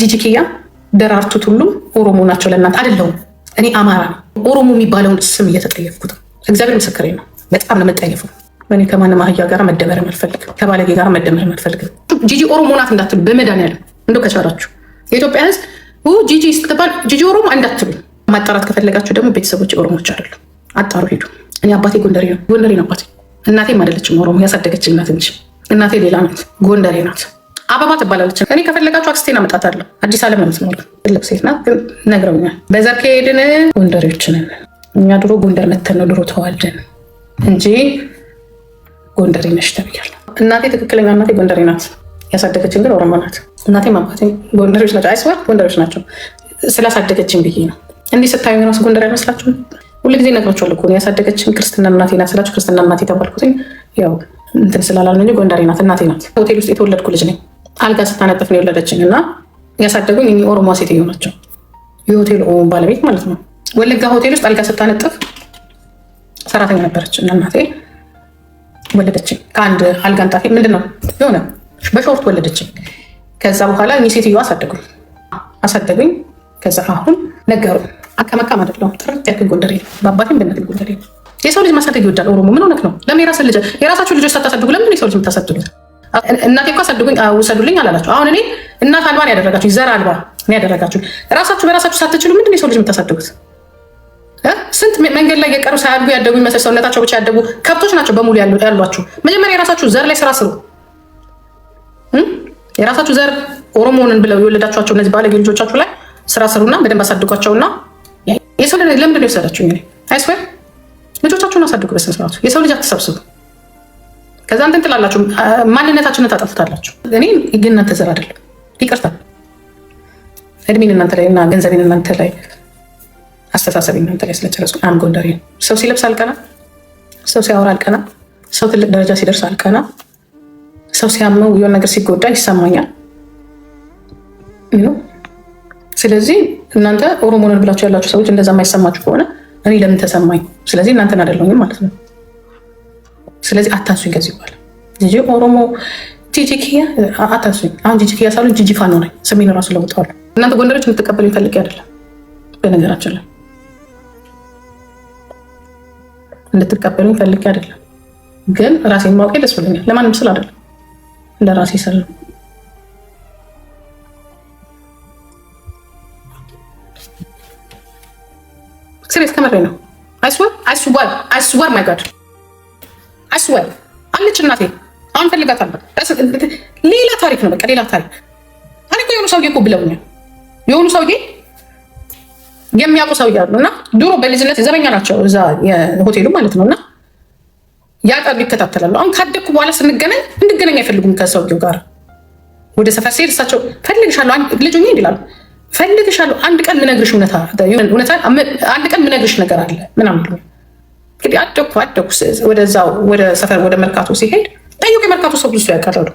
ጂጂኪያ ደራርቱት ቱሉም ኦሮሞ ናቸው። ለእናት አይደለሁም። እኔ አማራ ነው። ኦሮሞ የሚባለውን ስም እየተጠየፍኩት እግዚአብሔር ምስክሬ ነው። በጣም ነው እኔ ከማንም አህያ ጋር መደመር መልፈልግ ከባለጌ ጋር መደመር መልፈልግ ጂጂ ኦሮሞ ናት እንዳትሉ በመድኃኒዓለም እንደው ከቻላችሁ የኢትዮጵያ ሕዝብ ጂጂ ስትባል ጂጂ ኦሮሞ እንዳትሉ። ማጣራት ከፈለጋችሁ ደግሞ ቤተሰቦች ኦሮሞች አይደሉ፣ አጣሩ ሄዱ። እኔ አባቴ ጎንደሬ ነው። ጎንደሬ ነው አባቴ። እናቴም አይደለችም ኦሮሞ ያሳደገች እናት እንጂ እናቴ ሌላ ናት። ጎንደሬ ናት። ትባላለች። እኔ ከፈለጋችሁ አክስቴን አመጣታለሁ። አዲስ አለም የምትኖር ትልቅ ሴት ናት፣ ግን ነግረውኛል። በዘር ከሄድን ጎንደሬዎች እኛ ድሮ ጎንደር መተን ነው ድሮ ተዋልደን እንጂ ጎንደሬ ነሽ ተብያለሁ። እናቴ ትክክለኛ እናቴ ጎንደሬ ናት። ያሳደገችን ግን ኦሮሞ ናት። እናቴ አባቴም ጎንደሬዎች ናቸው። አይስዋል ጎንደሬዎች ናቸው። ስላሳደገችን ብዬ ነው። እንዲህ ስታዩ ራሱ ጎንደር አይመስላችሁም? ሁሉ ጊዜ እኮ ያሳደገችን ክርስትና እናቴ ናት ስላችሁ ክርስትና እናቴ ተባልኩትኝ ያው እንትን ስላላልን እንጂ ጎንደሬ ናት። እናቴ ናት። ሆቴል ውስጥ የተወለድኩ ልጅ ነኝ። አልጋ ስታነጥፍ ነው የወለደችኝ እና ያሳደጉኝ እኚህ ኦሮሞ ሴትዮ ናቸው። የሆቴል ባለቤት ማለት ነው። ወለጋ ሆቴል ውስጥ አልጋ ስታነጥፍ ሰራተኛ ነበረች እና እናቴ ወለደችኝ። ከአንድ አልጋ ንጣፌ ምንድን ነው የሆነ በሾርት ወለደችኝ። ከዛ በኋላ እኚህ ሴትዮ አሳደጉኝ አሳደጉኝ። ከዛ አሁን ነገሩ አከመካም አይደለሁም። ጥርት ያክል ጎንደሬ ነው። በአባቴም በእናቴም ጎንደሬ ነው። የሰው ልጅ ማሳደግ ይወዳል ኦሮሞ። ምን ሆነህ ነው? ለምን የራሳችሁን ልጆች ሳታሳድጉ ለምን የሰው ልጅ የምታሳድጉት? እናቴ እኮ ሰዱኝ ውሰዱልኝ አላላችሁ። አሁን እኔ እናት አልባ ነው ያደረጋችሁ፣ ዘር አልባ ነው ያደረጋችሁ። ራሳችሁ በራሳችሁ ሳትችሉ ምንድን የሰው ልጅ የምታሳድጉት? ስንት መንገድ ላይ የቀሩ ሳያድጉ ያደጉ ይመስል ሰውነታቸው ብቻ ያደጉ ከብቶች ናቸው በሙሉ ያሏችሁ። መጀመሪያ የራሳችሁ ዘር ላይ ስራ ስሩ። የራሳችሁ ዘር ኦሮሞንን ብለው የወለዳችኋቸው እነዚህ ባለጌ ልጆቻችሁ ላይ ስራ ስሩና በደንብ አሳድጓቸውና የሰው ለምንድን ነው የወሰዳችሁ? አይስ ልጆቻችሁን አሳድጉ በስነስርዓቱ። የሰው ልጅ አትሰብስቡ። ከዛ እንትን ትላላችሁ፣ ማንነታችንን ታጠፉታላችሁ። እኔ ግን እናንተ ዘር አይደለም፣ ይቅርታ እድሜን እናንተ ላይ እና ገንዘቤን እናንተ ላይ አስተሳሰብ እናንተ ላይ ስለጨረስኩ አም ጎንደሬ ሰው ሲለብስ አልቀና፣ ሰው ሲያወራ አልቀና፣ ሰው ትልቅ ደረጃ ሲደርስ አልቀና፣ ሰው ሲያመው የሆነ ነገር ሲጎዳ ይሰማኛል። ስለዚህ እናንተ ኦሮሞንን ብላችሁ ያላችሁ ሰዎች እንደዛ የማይሰማችሁ ከሆነ እኔ ለምን ተሰማኝ? ስለዚህ እናንተን አይደለሁኝም ማለት ነው። ስለዚህ አታንሱኝ። ከዚህ በኋላ ጂጂ ኦሮሞ ጂጂ ኪያ አታንሱኝ። አሁን ጂጂ ሳሉ ጂጂፋ ነው ነኝ። ስሜን ራሱ ለውጠዋለሁ። እናንተ ጎንደሮች ልትቀበሉ ይፈልግ አይደለም። በነገራችን ላይ እንድትቀበሉ ይፈልግ አይደለም፣ ግን ራሴን ማወቅ ደስ ብሎኛል። ለማንም ስል አይደለም፣ ለራሴ ስል ነው። ስሬት ከመሬ ነው አይስወር አይስወር አይስወር ማይ ጋድ አስወል አለች እናቴ። አንፈልጋታለን። ሌላ ታሪክ ነው። በቃ ሌላ ታሪክ ታሪክ። የሆኑ ሰውዬ እኮ ብለውኛል። የሆኑ ሰውዬ የሚያውቁ ሰውዬ አሉ እና ድሮ በልጅነት ዘበኛ ናቸው እዛ የሆቴሉ ማለት ነው እና ያቀሉ ይከታተላሉ። አሁን ካደግኩ በኋላ ስንገናኝ እንድገናኝ አይፈልጉም ከሰውዬው ጋር ወደ ሰፈር ሲሄድ እሳቸው ፈልግሻለሁ፣ ልጅ ሆኜ ይላሉ ፈልግሻለሁ፣ አንድ ቀን ምነግርሽ እውነታ አንድ ቀን ምነግርሽ ነገር አለ ምናምን እንግዲህ አደኩ አደኩ ወደዛው ወደ ሰፈር ወደ መርካቶ ሲሄድ ጠየቁ። የመርካቶ ሰው ብዙ ያቀረሉ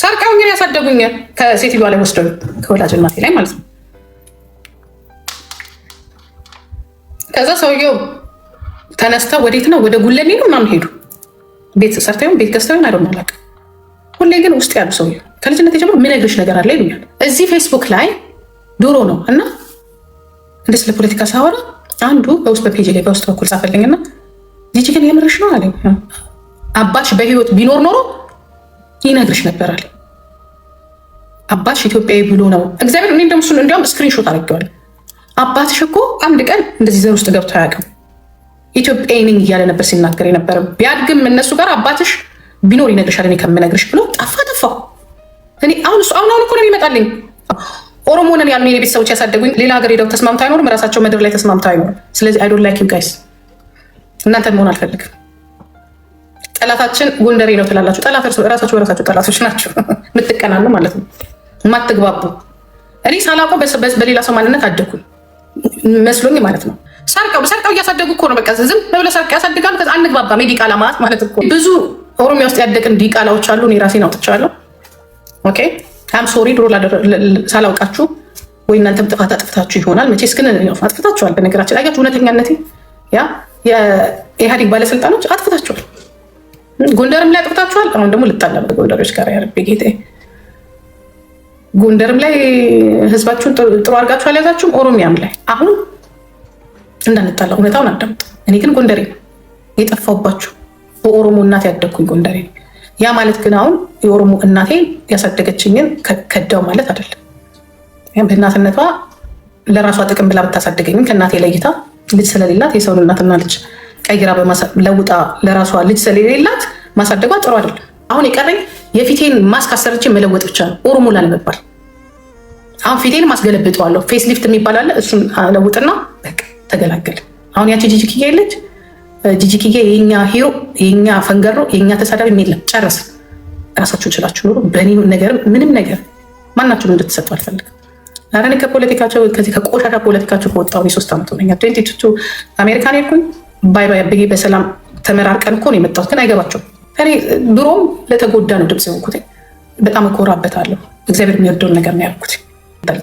ሰርቀው እንግዲህ ያሳደጉኛል። ከሴትዮዋ ላይ ወስደው ከወላጅ እናቴ ላይ ማለት ነው። ከዛ ሰውየው ተነስተው ወዴት ነው ወደ ጉለኔ ነው ምናምን ሄዱ። ቤት ሰርተውን ቤት ገዝተውን አይደለም አላውቅም። ሁሌ ግን ውስጥ ያሉ ሰውየው ከልጅነት ጀምሮ የምነግርሽ ነገር አለ ይሉኛል። እዚህ ፌስቡክ ላይ ድሮ ነው እና እንደ ስለ ፖለቲካ ሳወራ አንዱ በውስጥ በፔጅ ላይ በውስጥ በኩል ጻፈልኝና ጂጂ ግን የምርሽ ነው አለኝ። አባትሽ በህይወት ቢኖር ኖሮ ይነግርሽ ነበራል። አባትሽ ኢትዮጵያዊ ብሎ ነው እግዚአብሔር። እኔ እንደምሱ እንዲያውም ስክሪንሾት አድርጌዋለሁ። አባትሽ እኮ አንድ ቀን እንደዚህ ዘር ውስጥ ገብቶ አያውቅም። ኢትዮጵያዊ ነኝ እያለ ነበር ሲናገር የነበረ። ቢያድግም እነሱ ጋር አባትሽ ቢኖር ይነግርሻል እኔ ከምነግርሽ ብሎ ጠፋ ጠፋው። እኔ አሁን እሱ አሁን አሁን እኮ ነው የሚመጣልኝ ኦሮሞ ነን ያሉኝ የእኔ ቤተሰቦች ያሳደጉኝ ሌላ ሀገር ሄደው ተስማምታ አይኖርም፣ ራሳቸው ምድር ላይ ተስማምታ አይኖርም። ስለዚህ አይ ዶንት ላይክ ዩ ጋይስ፣ እናንተን መሆን አልፈልግም። ጠላታችን ጎንደሬ ነው ትላላችሁ፣ ራሳችሁ በራሳችሁ ጠላቶች ናቸው። የምትቀናኑ ማለት ነው፣ የማትግባቡ እኔ ሳላውቀው በሌላ ሰው ማንነት አደግኩኝ መስሎኝ ማለት ነው። ሰርቀው ሰርቀው እያሳደጉ እኮ ነው። በቃ ዝም ብለው ሰርቀው ያሳድጋሉ። ከዛ አንግባባም። ዲቃላ ማለት ማለት እኮ ብዙ ኦሮሚያ ውስጥ ያደቅን ዲቃላዎች አሉ። እኔ ራሴን አውጥቻለሁ። ኦኬ አም ሶሪ ድሮ ሳላውቃችሁ ወይ እናንተም ጥፋት አጥፍታችሁ ይሆናል። መቼስ ግን አጥፍታችኋል። በነገራችን አያችሁ፣ እውነተኛነት ያ የኢህአዴግ ባለስልጣኖች አጥፍታችኋል። ጎንደርም ላይ አጥፍታችኋል። አሁን ደግሞ ልጣላ ጎንደሮች ጋር ያረብ ጌታ ጎንደርም ላይ ህዝባችሁን ጥሩ አድርጋችሁ አልያዛችሁም። ኦሮሚያም ላይ አሁን እንዳንጣላ እውነታውን አዳምጥ እኔ ግን ጎንደሬ ነው የጠፋውባችሁ። በኦሮሞ እናት ያደግኩኝ ጎንደሬ ነው። ያ ማለት ግን አሁን የኦሮሞ እናቴ ያሳደገችኝን ከዳው ማለት አይደለም። እናትነቷ ለራሷ ጥቅም ብላ ብታሳደገኝም ከእናቴ ለይታ ልጅ ስለሌላት የሰውን እናትና ልጅ ቀይራ ለውጣ ለራሷ ልጅ ስለሌላት ማሳደጓ ጥሩ አይደለም። አሁን የቀረኝ የፊቴን ማስክ አሰርቼ መለወጥ ብቻ ነው፣ ኦሮሞ ላለመባል። አሁን ፊቴን ማስገለብጠዋለሁ። ፌስ ሊፍት የሚባል አለ፣ እሱን ለውጥና ተገላገል። አሁን ያቺ ጂጂክያ የለች ጂጂኪዬ የኛ ሂሮ የኛ ፈንገሮ የኛ ተሳዳቢ የለም። ጨረሰ። ራሳችሁ ችላችሁ ኑሩ። በእኔ ነገር ምንም ነገር ማናችሁ እንድትሰጡ አልፈልግም። ኧረ እኔ ከፖለቲካቸው ከዚህ ከቆሻሻ ፖለቲካቸው ከወጣሁ ሶስት ዓመት ሆነኛል። ቱ አሜሪካን ሄድኩኝ ባይ ባይ ብዬ በሰላም ተመራርቀን እኮ ነው የመጣሁት። ግን አይገባቸው። እኔ ድሮም ለተጎዳ ነው ድምፅ የሆንኩት። በጣም እኮራበታለሁ። እግዚአብሔር የሚወደውን ነገር ነው ያልኩት።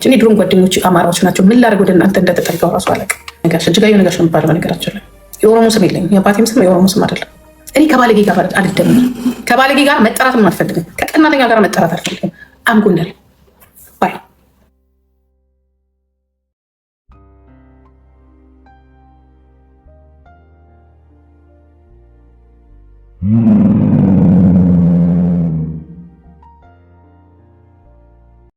እኔ ድሮም ጓደኞች አማራዎች ናቸው። ምን ላደርግ ወደ እናንተ እንደተጠጋው ራሱ አለቅ ነገር እጅጋየሁ ነገር ነው የሚባለው ነገራቸው ላይ የኦሮሞ ስም የለኝም። የአባቴም ስም የኦሮሞ ስም አይደለም። እኔ ከባለጌ ጋር አልደም ከባለጌ ጋር መጠራት አልፈልግም። ከቀናተኛ ጋር መጠራት አልፈልግም። አምጎናል ባይ Mm-hmm.